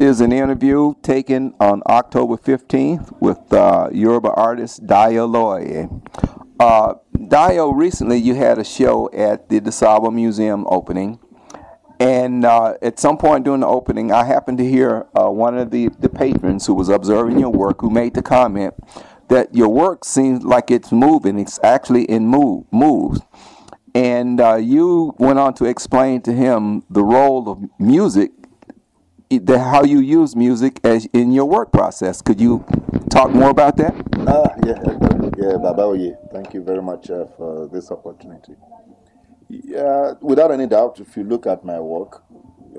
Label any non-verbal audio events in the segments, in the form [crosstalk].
is an interview taken on October 15th with uh, Yoruba artist Dio Loy. Uh, Dio, recently you had a show at the DeSaba Museum opening. And uh, at some point during the opening, I happened to hear uh, one of the, the patrons who was observing your work who made the comment that your work seems like it's moving. It's actually in move, moves. And uh, you went on to explain to him the role of music the, how you use music as in your work process. Could you talk more about that? Ah yeah, yeah, Baba Oye, thank you very much uh, for this opportunity. Yeah, without any doubt, if you look at my work,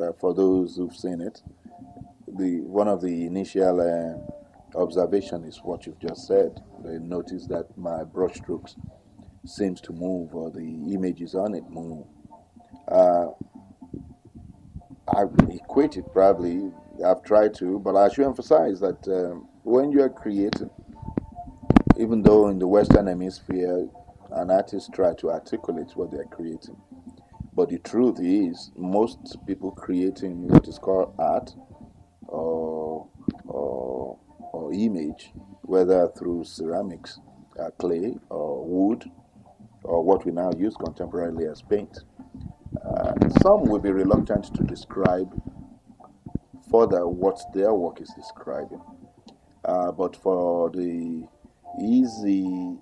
uh, for those who've seen it, the one of the initial uh, observation is what you've just said. They notice that my brushstrokes seems to move, or the images on it move. Uh, I, equate quit it probably. I've tried to, but I should emphasize that um, when you are creating, even though in the Western Hemisphere, an artist tries to articulate what they are creating, but the truth is, most people creating what is called art or, or, or image, whether through ceramics, uh, clay, or wood, or what we now use contemporarily as paint some will be reluctant to describe further what their work is describing. Uh, but for the easy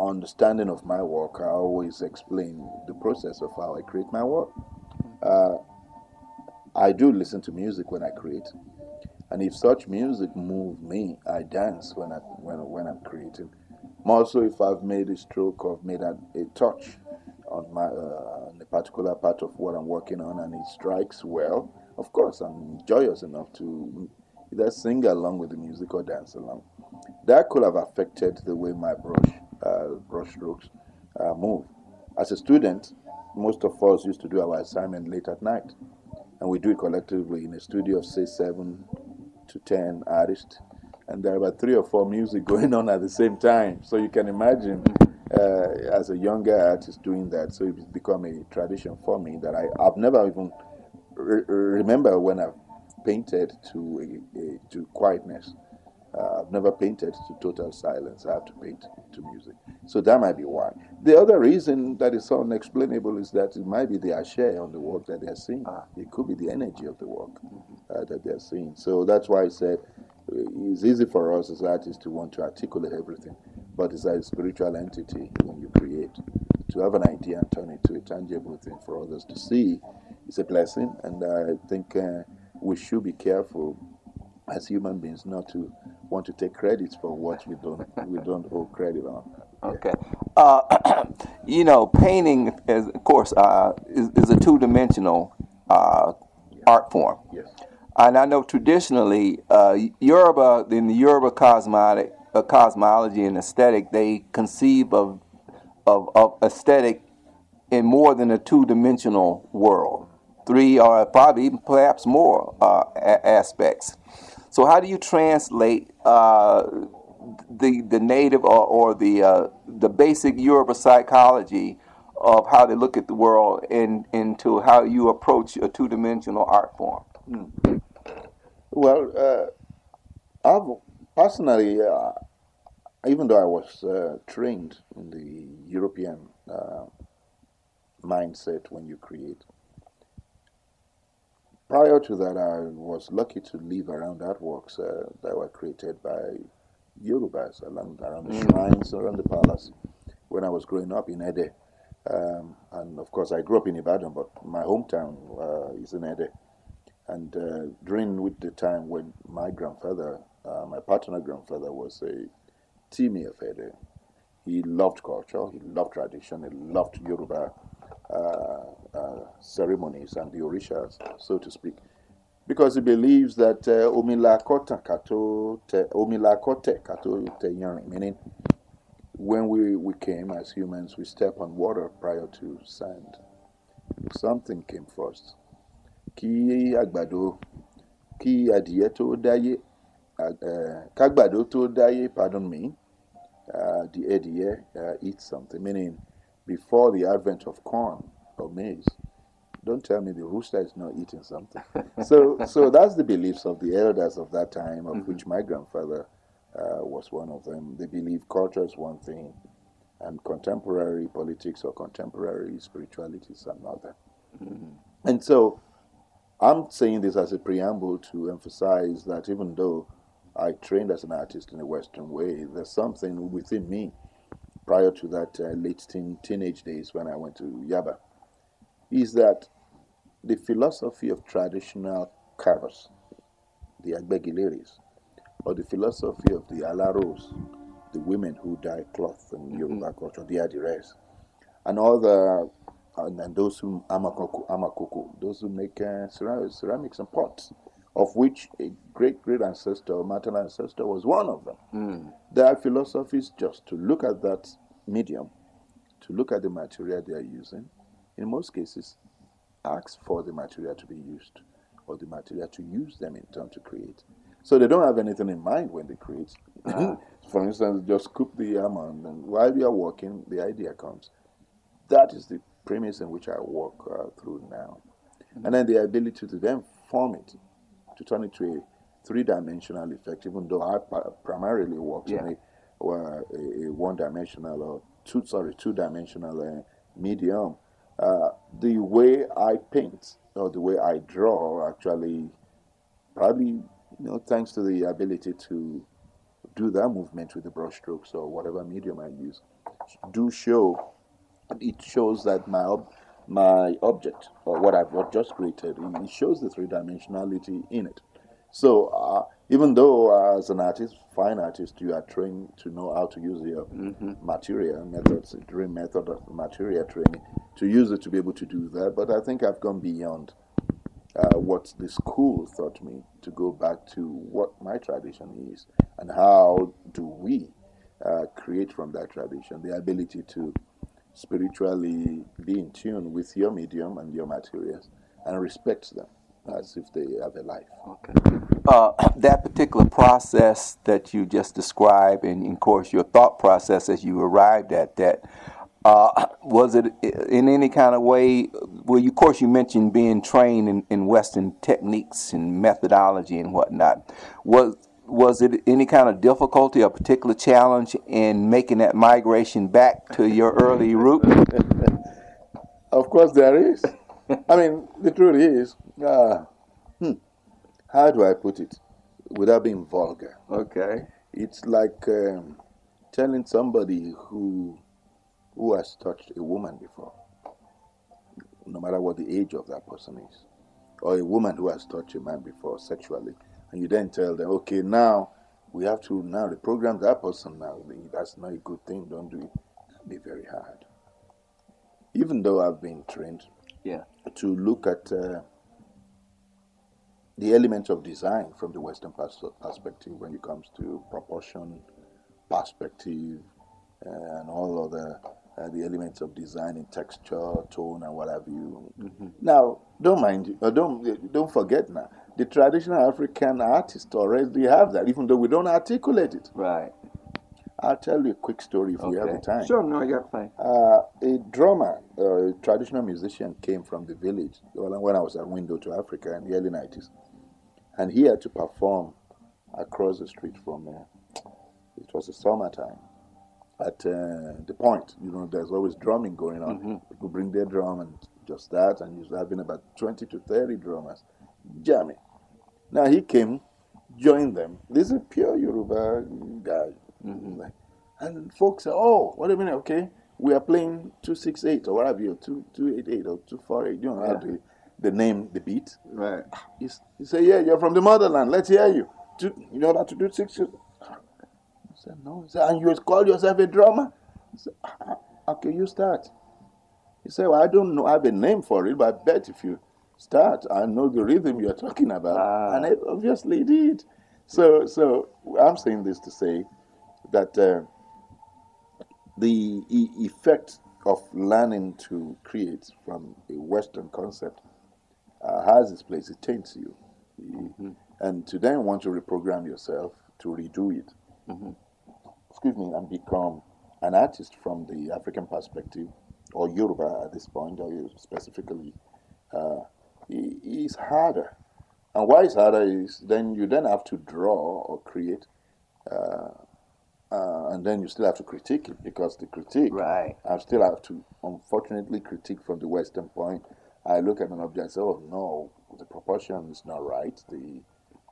understanding of my work, I always explain the process of how I create my work. Uh, I do listen to music when I create, and if such music move me, I dance when I when when I'm creating. More so, if I've made a stroke or made a, a touch on my uh, on particular part of what I'm working on and it strikes well, of course I'm joyous enough to either sing along with the music or dance along. That could have affected the way my brush uh, brush strokes uh, move. As a student, most of us used to do our assignment late at night, and we do it collectively in a studio of say seven to ten artists and there are about three or four music [laughs] going on at the same time. So you can imagine uh, as a younger artist doing that, so it's become a tradition for me that I, I've never even re- remember when I've painted to a, a, to quietness. Uh, I've never painted to total silence. I have to paint to music. So that might be why. The other reason that is so unexplainable is that it might be the share on the work that they're seeing. Ah. It could be the energy of the work mm-hmm. uh, that they're seeing. So that's why I said uh, it's easy for us as artists to want to articulate everything but it's a spiritual entity when you create. To have an idea and turn it to a tangible thing for others to see is a blessing, and I think uh, we should be careful as human beings not to want to take credit for what we don't we don't owe credit on. Okay, uh, [clears throat] you know, painting is of course uh, is, is, a two dimensional uh, yeah. art form. Yes. And I know traditionally, uh, Yoruba in the Yoruba cosmetic a cosmology and aesthetic, they conceive of, of, of aesthetic in more than a two dimensional world, three or probably even perhaps more uh, aspects. So, how do you translate uh, the, the native or, or the, uh, the basic Yoruba psychology? Of how they look at the world and into how you approach a two dimensional art form? Hmm. Well, uh, I've Personally, uh, even though I was uh, trained in the European uh, mindset when you create, prior to that, I was lucky to live around artworks uh, that were created by Yorubas around, around the mm. shrines, around the palace. When I was growing up in Ede, um, and of course I grew up in Ibadan, but my hometown uh, is in Ede. And uh, during the time when my grandfather uh, my paternal grandfather was a Timi Efede. He loved culture, he loved tradition, he loved Yoruba uh, uh, ceremonies and the orishas, so to speak, because he believes that uh, omilakote kato omilakote kato teyarin, meaning when we, we came as humans, we step on water prior to sand. Something came first. Kí àgbàdo, kí Adieto dáyé, uh, uh, Kagbado to daye, pardon me, uh, the edie eat something, meaning before the advent of corn or maize. Don't tell me the rooster is not eating something. [laughs] so, so that's the beliefs of the elders of that time, of mm -hmm. which my grandfather was one of them. They believe culture is one thing, and contemporary politics or contemporary spirituality is another. Mm -hmm. And so I'm saying this as a preamble to emphasize that even though I trained as an artist in a Western way. There's something within me prior to that uh, late teen, teenage days when I went to Yaba is that the philosophy of traditional carvers, the Agbegileris, or the philosophy of the Alaros, the women who dye cloth in mm-hmm. Yoruba mm-hmm. culture, the Adires, and all the and, and those who amakoko, amakoko, those who make uh, ceramics and pots of which a great great ancestor, maternal ancestor, was one of them. Mm. Their philosophy is just to look at that medium, to look at the material they are using. In most cases, ask for the material to be used or the material to use them in turn to create. So they don't have anything in mind when they create. Hmm. [laughs] for instance, just scoop the yam and while you are working, the idea comes. That is the premise in which I work uh, through now. Mm. And then the ability to then form it to turn it to a three-dimensional effect, even though I primarily worked yeah. on a, a, a one-dimensional or two, sorry, two-dimensional uh, medium. Uh, the way I paint or the way I draw actually probably, you know, thanks to the ability to do that movement with the brushstrokes or whatever medium I use, do show, it shows that my, my object or what I've just created. It shows the three dimensionality in it. So uh, even though as an artist, fine artist, you are trained to know how to use your mm-hmm. material methods, dream method of material training, to use it to be able to do that. But I think I've gone beyond uh, what the school taught me to go back to what my tradition is and how do we uh, create from that tradition the ability to spiritually be in tune with your medium and your materials and respect them as if they have a life. Okay. Uh, [clears throat] that particular process that you just described, and, of course your thought process as you arrived at that, uh, [clears throat] was it in any kind of way? Well, you, of course, you mentioned being trained in, in Western techniques and methodology and whatnot. Was was it any kind of difficulty or particular challenge in making that migration back to your early route? [laughs] of course, there is. I mean, the truth is, uh, hmm, how do I put it without being vulgar? Okay. It's like um, telling somebody who who has touched a woman before, no matter what the age of that person is, or a woman who has touched a man before sexually and you then tell them, okay, now we have to now reprogram that person now. That's not a good thing. Don't do it. That'd be very hard. Even though I've been trained yeah. to look at uh, the elements of design from the Western perspective when it comes to proportion, perspective, uh, and all other uh, the elements of design in texture, tone, and what have you. Mm-hmm. Now, don't mind, uh, don't don't forget now the traditional African artists already have that, even though we don't articulate it. Right. I'll tell you a quick story if okay. we have the time. Sure, no, you're fine. Uh, a drummer, a traditional musician, came from the village when I was at Window to Africa in the early 90s. And he had to perform across the street from, me. Uh, it was the summertime, at uh, the point. You know, there's always drumming going on. Mm -hmm. People bring their drum and just that, and he's having about 20 to 30 drummers jamming. Now he came, joined them. This is a pure Yoruba guy. Mm-hmm. And folks say, oh, what do you mean? Okay, we are playing 268 or whatever, you, 288 or 248. You know how to the name, the beat. Right. He say, yeah, you're from the motherland. Let's hear you. To, you know how to do six. He said, no. He said, and you call yourself a drummer? He said, ah, ah, ah, okay, you start. He said, well, I don't know. I have a name for it, but I bet if you start. I know the rhythm you're talking about. Ah. And it obviously did. So, so I'm saying this to say that uh, the e effect of learning to create from a Western concept uh, has its place. It taints you. Mm -hmm. And to then want to reprogram yourself to redo it, mm -hmm. excuse me, and become an artist from the African perspective, or Yoruba at this point, or specifically uh, is harder. And why it's harder is then you then have to draw or create, uh, uh, and then you still have to critique it because the critique, right. I still have to unfortunately critique from the Western point. I look at an object and say, oh no, the proportion is not right. The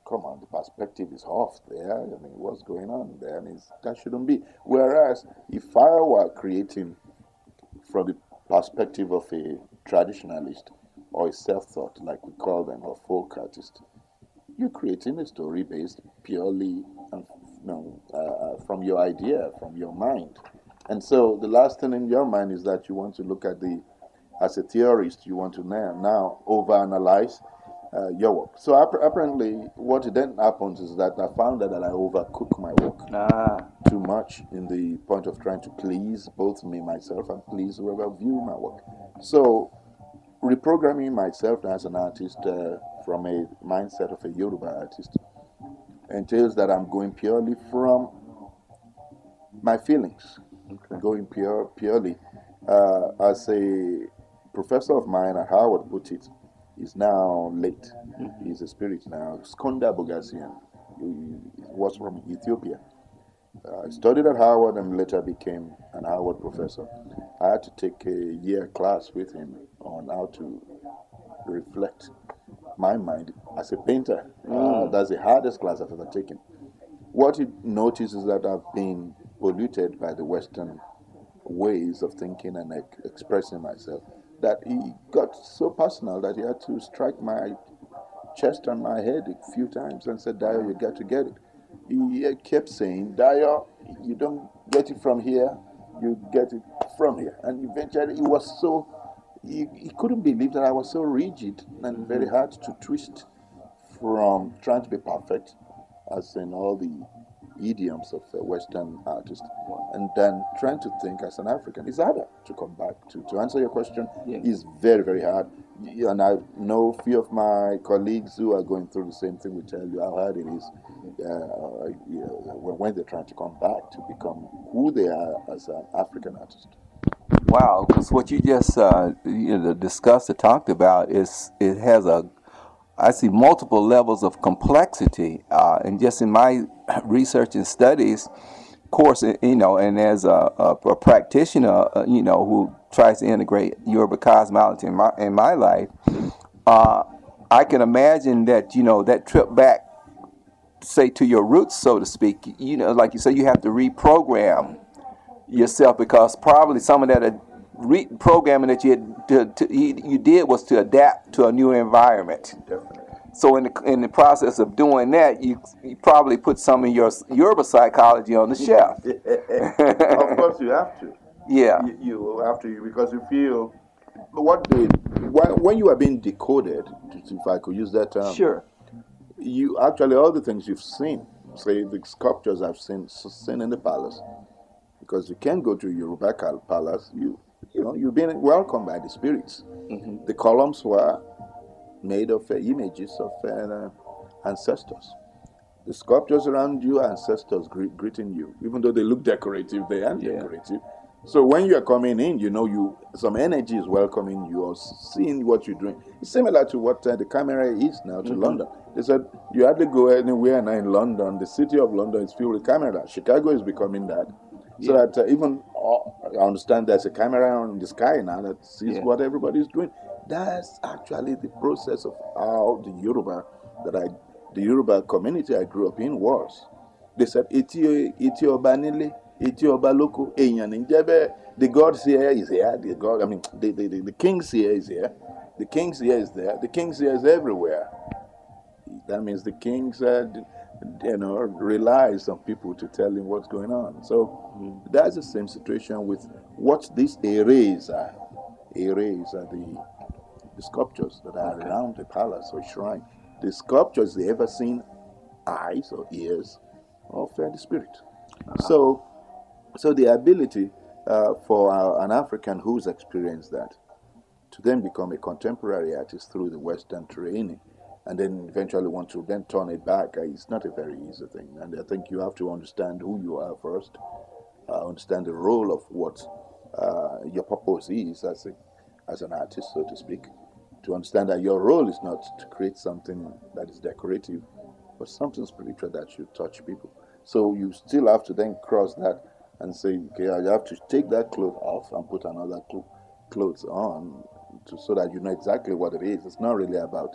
come on, the perspective is off there. I mean, what's going on there? I mean, that shouldn't be. Whereas if I were creating from the perspective of a traditionalist, or self-thought, like we call them, or folk artists, you're creating a story based purely you um, know, uh, uh, from your idea, from your mind. And so the last thing in your mind is that you want to look at the, as a theorist, you want to now, now overanalyze uh, your work. So apparently, what then happens is that I found that I overcook my work ah. too much in the point of trying to please both me, myself, and please whoever view my work. So reprogramming myself as an artist uh, from a mindset of a Yoruba artist entails that I'm going purely from my feelings, okay. going pure purely. Uh, as a professor of mine at Harvard put it, is now late. Mm-hmm. He's a spirit now. Skonda Bogasian was from Ethiopia. Uh, I uh, studied at Harvard and later became an Harvard professor. I had to take a year class with him on how to reflect my mind as a painter. Uh, mm. Uh, that's the hardest class I've ever taken. What you notice is that I've been polluted by the Western ways of thinking and expressing myself. That he got so personal that he had to strike my chest and my head a few times and said, Dio, you got to get it. He kept saying, Dio, you don't get it from here, you get it from here. And eventually it was so he, he couldn't believe that I was so rigid and very mm-hmm. hard to twist from trying to be perfect, as in all the idioms of a Western artist, and then trying to think as an African is harder to come back to. To answer your question, yeah. is very, very hard. And I know a few of my colleagues who are going through the same thing will tell you how hard it is mm-hmm. uh, uh when they're trying to come back to become who they are as an African artist. Wow, because what you just uh, you know, discussed and talked about is it has a I see multiple levels of complexity, uh, and just in my [coughs] research and studies, course, eh, you know, and as a, a, a practitioner, uh, you know, who tries to integrate Yoruba cosmology in my in my life, uh, I can imagine that you know that trip back, say to your roots, so to speak. You know, like you say, you have to reprogram yourself because probably some of that uh, re- programming that you, to, to, you did was to adapt to a new environment. Definitely. So in the, in the process of doing that, you, you probably put some of your your psychology on the shelf. [laughs] of course, you have to. Yeah. You, you have to because you feel what the, when you are being decoded, if I could use that term. Sure. You actually all the things you've seen, say the sculptures I've seen seen in the palace, because you can't go to Yorubakal Palace. You, you know, you've been welcomed by the spirits. Mm-hmm. The columns were made of uh, images of uh, ancestors. The sculptures around you, ancestors gre- greeting you, even though they look decorative, they are yeah. decorative. So when you are coming in, you know you some energy is welcoming you or seeing what you're doing. It's similar to what uh, the camera is now to mm-hmm. London. They said you hardly go anywhere now in London. The city of London is filled with camera. Chicago is becoming that. So yeah. that uh, even uh, I understand there's a camera in the sky now that sees yeah. what everybody's doing. That's actually the process of how the Yoruba that I, the Yoruba community I grew up in was. They said Etiobanile, Etiobanile, Etiobaloko, Eyaninjebe. The God's here is here. The God, I mean, the the, the, the king's here is here. The king's here is there. The king's here is everywhere. That means the king's. Uh, the, you know, relies on people to tell him what's going on. So mm. that's the same situation with what these arrays are. Arrays are the, the sculptures that are okay. around the palace or shrine. The sculptures they ever seen eyes or ears of uh, the spirit. Uh-huh. So, so the ability uh, for uh, an African who's experienced that to then become a contemporary artist through the Western training and then eventually want to then turn it back, uh, it's not a very easy thing. And I think you have to understand who you are first, uh, understand the role of what uh, your purpose is as, a, as an artist, so to speak, to understand that your role is not to create something that is decorative, but something spiritual that should touch people. So you still have to then cross that and say, okay, I have to take that cloth off and put another cl- clothes on to, so that you know exactly what it is. It's not really about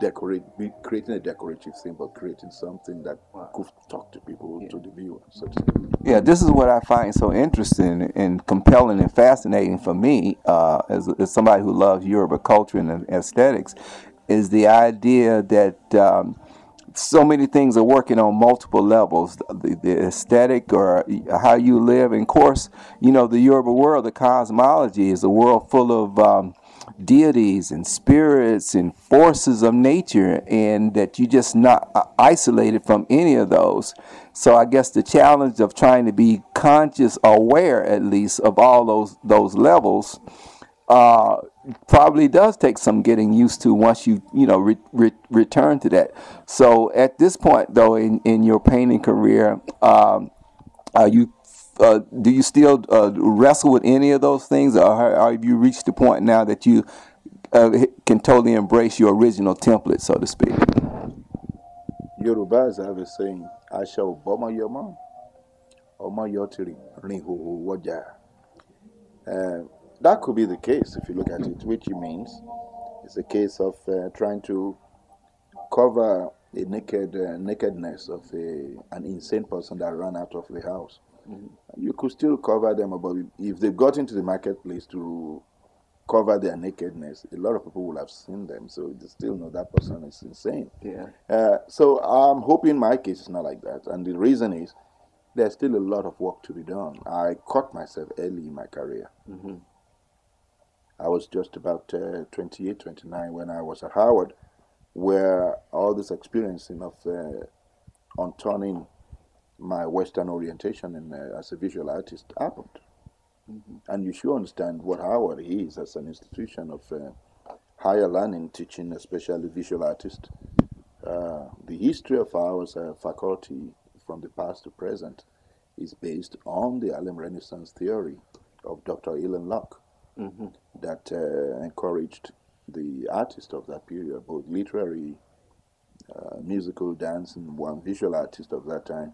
decorate, be, creating a decorative thing, but creating something that wow. could talk to people, yeah. to the viewer. So to yeah, this is what I find so interesting and compelling and fascinating for me uh, as, as, somebody who loves Yoruba culture and aesthetics is the idea that. Um, so many things are working on multiple levels the, the, aesthetic or how you live and of course you know the yoruba world the cosmology is a world full of um, deities and spirits and forces of nature, and that you're just not uh, isolated from any of those. So I guess the challenge of trying to be conscious, aware at least of all those those levels, uh, probably does take some getting used to once you you know re- re- return to that. So at this point, though, in in your painting career, um, are you uh, do you still uh, wrestle with any of those things, or, have you reached the point now that you uh, can totally embrace your original template, so to speak? Yorùbás have a saying, I shall bọ́mọ yọmọ, oma yotiri ti rìn That could be the case if you look at it, which it means it's a case of uh, trying to cover the naked uh, nakedness of a, an insane person that ran out of the house. Mm-hmm. You could still cover them, but if they've got into the marketplace to cover their nakedness, a lot of people will have seen them, so they still know that person is insane. Yeah. Uh, so I'm hoping my case is not like that, and the reason is there's still a lot of work to be done. I caught myself early in my career. Mm-hmm. I was just about uh, 28, 29 when I was at Howard, where all this experiencing of uh, on turning my Western orientation in, uh, as a visual artist happened. Mm-hmm. And you should understand what Howard is as an institution of uh, higher learning, teaching, especially visual artists. Uh, the history of our uh, faculty from the past to present is based on the Harlem Renaissance theory of Dr. Elon Locke mm-hmm. that uh, encouraged the artists of that period, both literary, uh, musical, dance, and one visual artist of that time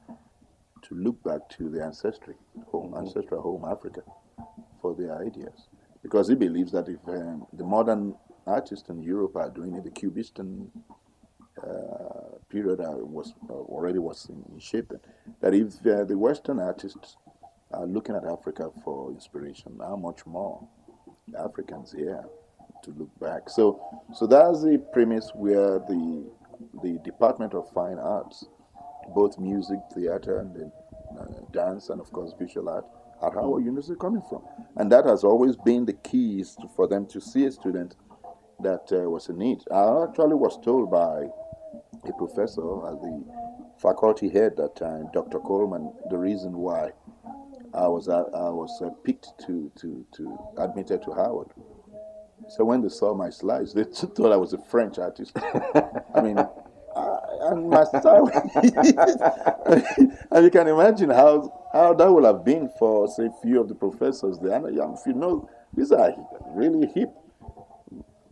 to look back to the ancestry, home, mm-hmm. ancestral home Africa, for their ideas. Because he believes that if um, the modern artists in Europe are doing it, the Cubist uh, period uh, was uh, already was in, in shape. That if uh, the Western artists are looking at Africa for inspiration, how much more Africans here to look back. So, so that's the premise where the the Department of Fine Arts both music, theater, and, then uh, dance, and of course, visual art, are how our university is coming from. And that has always been the keys to, for them to see a student that uh, was in need. I actually was told by a professor at the faculty head that time, Dr. Coleman, the reason why I was uh, I was uh, picked to, to, to admitted to Howard. So when they saw my slides, they [laughs] thought I was a French artist. [laughs] I mean, and [laughs] [laughs] and you can imagine how, how that would have been for, say, few of the professors there. And young. you know, these are really hip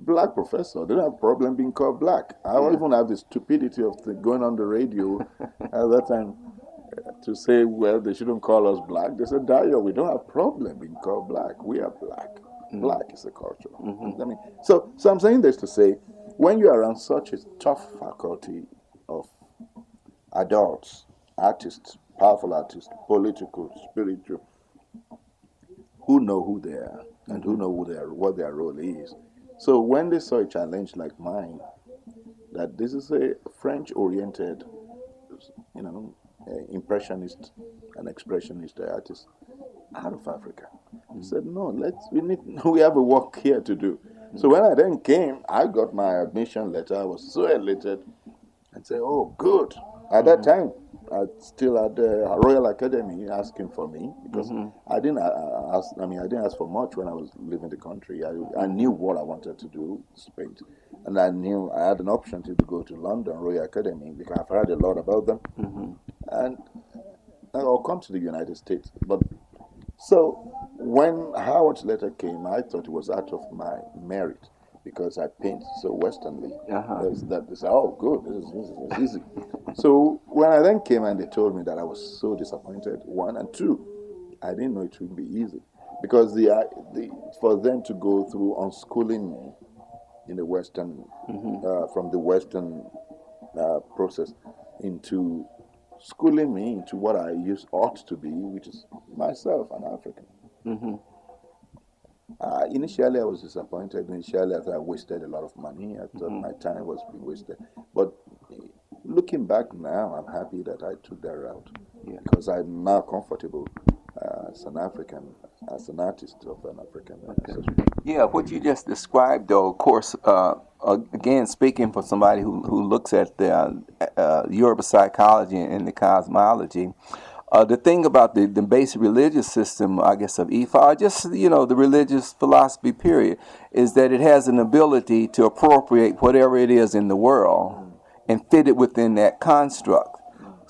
black professor. They don't have problem being called black. I don't yeah. even have the stupidity of the, going on the radio [laughs] at that time uh, to say, well, they shouldn't call us black. They said, Dario, we don't have problem being called black. We are black. mm Black is a culture. Mm-hmm. I mean, so, so I'm saying this to say, when you're around such a tough faculty, adults, artists, powerful artists, political, spiritual, who know who they are and who know who they are, what their role is. So when they saw a challenge like mine, that this is a French-oriented, you know, impressionist and expressionist artist out of Africa, mm. said, "No, let's. We need. [laughs] We have a work here to do." Mm. So when I then came, I got my admission letter. I was so elated, and said, "Oh, good! At that mm-hmm. time, I still had the Royal Academy asking for me because mm-hmm. I didn't uh, uh, ask. I mean, I didn't ask for much when I was leaving the country. I, I knew what I wanted to do, Spain, and I knew I had an option to go to London Royal Academy because I've heard a lot about them, mm-hmm. and come to the United States. But so when Howard's letter came, I thought it was out of my merit because I paint so westernly. Uh-huh. that they say, oh, good, this is, this is easy. so when I then came and they told me that I was so disappointed, one and two, I didn't know it would be easy because the, the for them to go through unschooling me in the Western mm-hmm. uh, from the Western uh, process into schooling me into what I used ought to be, which is myself, an African. Mm-hmm. Uh, initially, I was disappointed. Initially, I thought I wasted a lot of money. I thought mm -hmm. my time was being wasted. But eh, looking back now, I'm happy that I took that route yeah. because I'm now comfortable uh, as an African, as an artist of an African. Okay. Yeah, what you just described, though, of course, uh, again, speaking for somebody who, who looks at the uh, uh psychology and the cosmology, uh, the thing about the, the basic religious system, I guess, of Ifa, just, you know, the religious philosophy period, is that it has an ability to appropriate whatever it is in the world and fit it within that construct.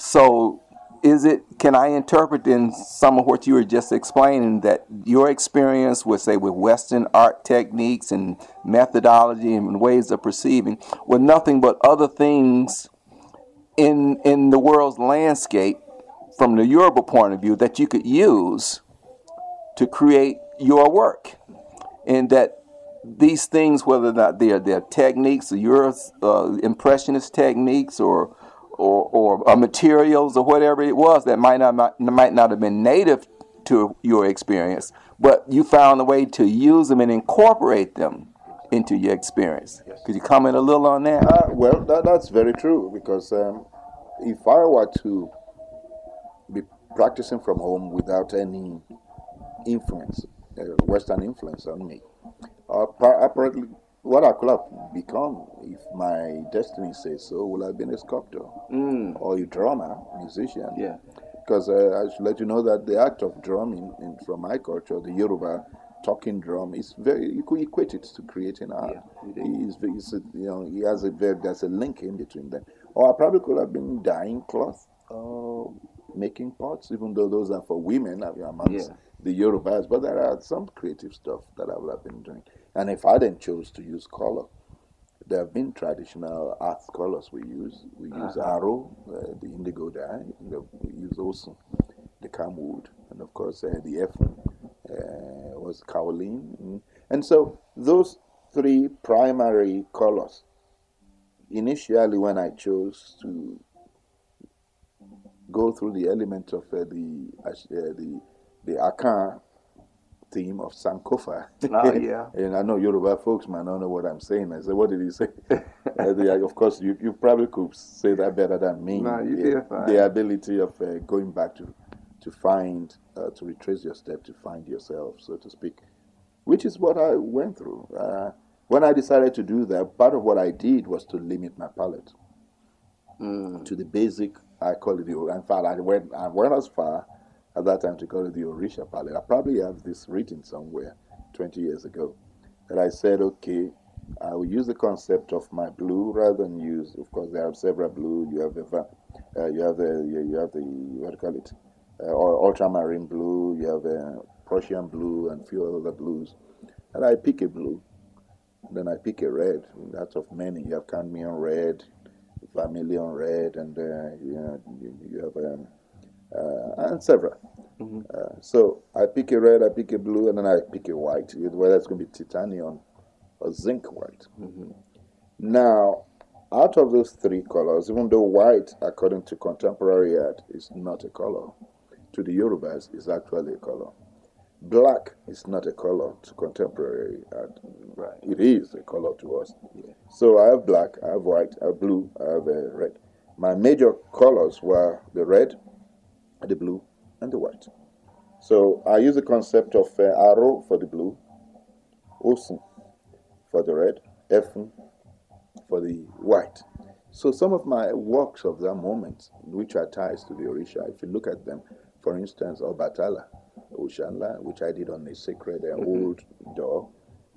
So is it, can I interpret in some of what you were just explaining that your experience with, say, with Western art techniques and methodology and ways of perceiving were nothing but other things in, in the world's landscape from the Yoruba point of view that you could use to create your work. And that these things, whether or not they are their techniques, or your uh, impressionist techniques, or or, or uh, materials, or whatever it was that might not, might, might not have been native to your experience, but you found a way to use them and incorporate them into your experience. Yes. Could you comment a little on that? Uh, well, that, that's very true because um, if I were to practicing from home without any influence, uh, Western influence on me. Uh, apparently, what I could have become, if my destiny says so, would have been a sculptor mm. or a drummer, musician. Yeah. Because uh, I should let you know that the act of drumming, in, from my culture, the Yoruba talking drum, is very you could equate it to creating art. Yeah, he's, he's, you know, he has a verb. There's a link in between them. Or I probably could have been dyeing cloth making pots, even though those are for women I uh, mean, amongst yeah. the Yorubas. But there are some creative stuff that I would have been doing. And if I then chose to use color, there have been traditional art colors we use. We use uh-huh. arrow, uh, the indigo dye, we use also the camwood, and of course uh, the effin uh, was kaolin. And so those three primary colors, initially when I chose to go through the element of uh, the uh, the the Akan theme of Sankofa. Oh, [laughs] yeah. and I know Yoruba folks might not know what I'm saying. I said, what did he say? [laughs] Uh, of course, you, you probably could say that better than me. No, you the, the ability of uh, going back to to find, uh, to retrace your step, to find yourself, so to speak, which is what I went through. Uh, when I decided to do that, part of what I did was to limit my palate mm. to the basic I call it the. In fact, I went I went as far at that time to call it the Orisha Palette. I probably have this written somewhere 20 years ago that I said, okay, I will use the concept of my blue rather than use. Of course, there are several blue. You have the uh, you have the you have the what do you call it, uh, or ultramarine blue. You have a Prussian blue and few other blues, and I pick a blue. And then I pick a red. That's of many. You have cadmium red. Family on Red, and uh, you, know, you, have um, uh, and several. Mm-hmm. Uh, so I pick a red, I pick a blue, and then I pick a white, whether it's going to be titanium or zinc white. Mm-hmm. Now, out of those three colors, even though white, according to contemporary art, is not a color, to the Euroverse is actually a color black is not a color to contemporary art. Right. It is a color to us. Yeah. So I have black, I have white, I have blue, I have uh, red. My major colors were the red, the blue, and the white. So I use the concept of uh, arrow for the blue, osun for the red, efun for the white. So some of my works of that moment, which are ties to the Orisha, if you look at them, for instance, Obatala, Oshanla, which I did on a sacred uh, old door,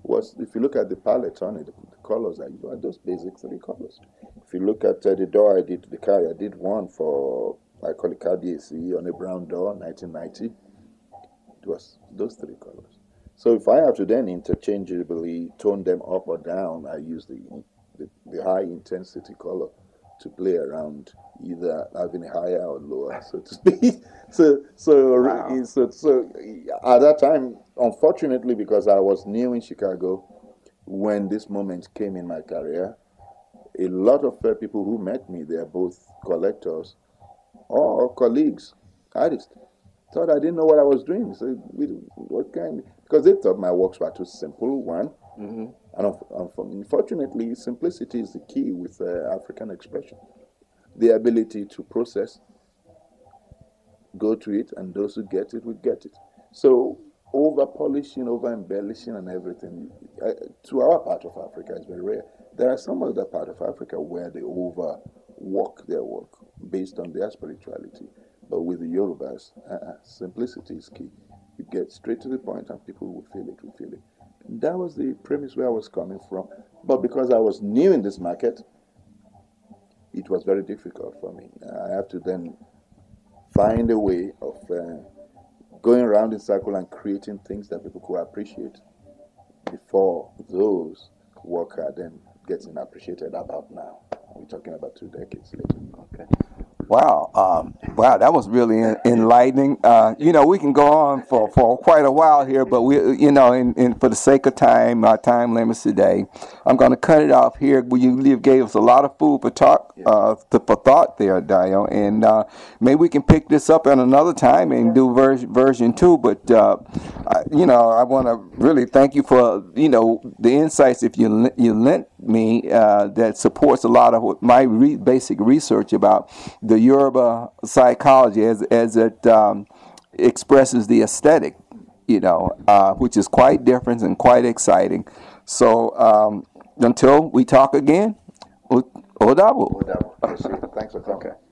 was if you look at the palette on it, the, colors are, you are those basic three colors. If you look at uh, the door I did, the car I did one for I call it KBAC on a brown door, 1990. It was those three colors. So if I have to then interchangeably tone them up or down, I use the the, the high intensity color to play around either having higher or lower, so to speak. [laughs] so, so, wow. so, so at that time, unfortunately, because I was new in Chicago when this moment came in my career, a lot of uh, people who met me, they're both collectors or colleagues, artists, thought I didn't know what I was doing. So, what kind? Because they thought my works were too simple, one. Mm-hmm. And unfortunately, simplicity is the key with uh, African expression. The ability to process, go to it, and those who get it will get it. So over polishing, over embellishing, and everything uh, to our part of Africa is very rare. There are some other part of Africa where they overwork their work based on their spirituality. But with the Yorubas, uh, uh simplicity is key. You get straight to the point, and people will feel it, will feel it. That was the premise where I was coming from. But because I was new in this market, it was very difficult for me. I have to then find a way of uh, going around in circle and creating things that people could appreciate before those work are then getting appreciated about now. We're talking about two decades later. Okay. Wow, um, wow, that was really enlightening. Uh, you know, we can go on for, for quite a while here, but we, you know, and, and for the sake of time, our time limits today, I'm going to cut it off here. You gave us a lot of food for talk, uh, for thought there, Dio, and uh, maybe we can pick this up at another time and do ver version two. But uh, I, you know, I want to really thank you for you know the insights if you you lent me uh, that supports a lot of my re- basic research about the Yoruba psychology as, as it um, expresses the aesthetic, you know, uh, which is quite different and quite exciting. So um, until we talk again, Odabo. Odabo. Thanks for coming. Okay.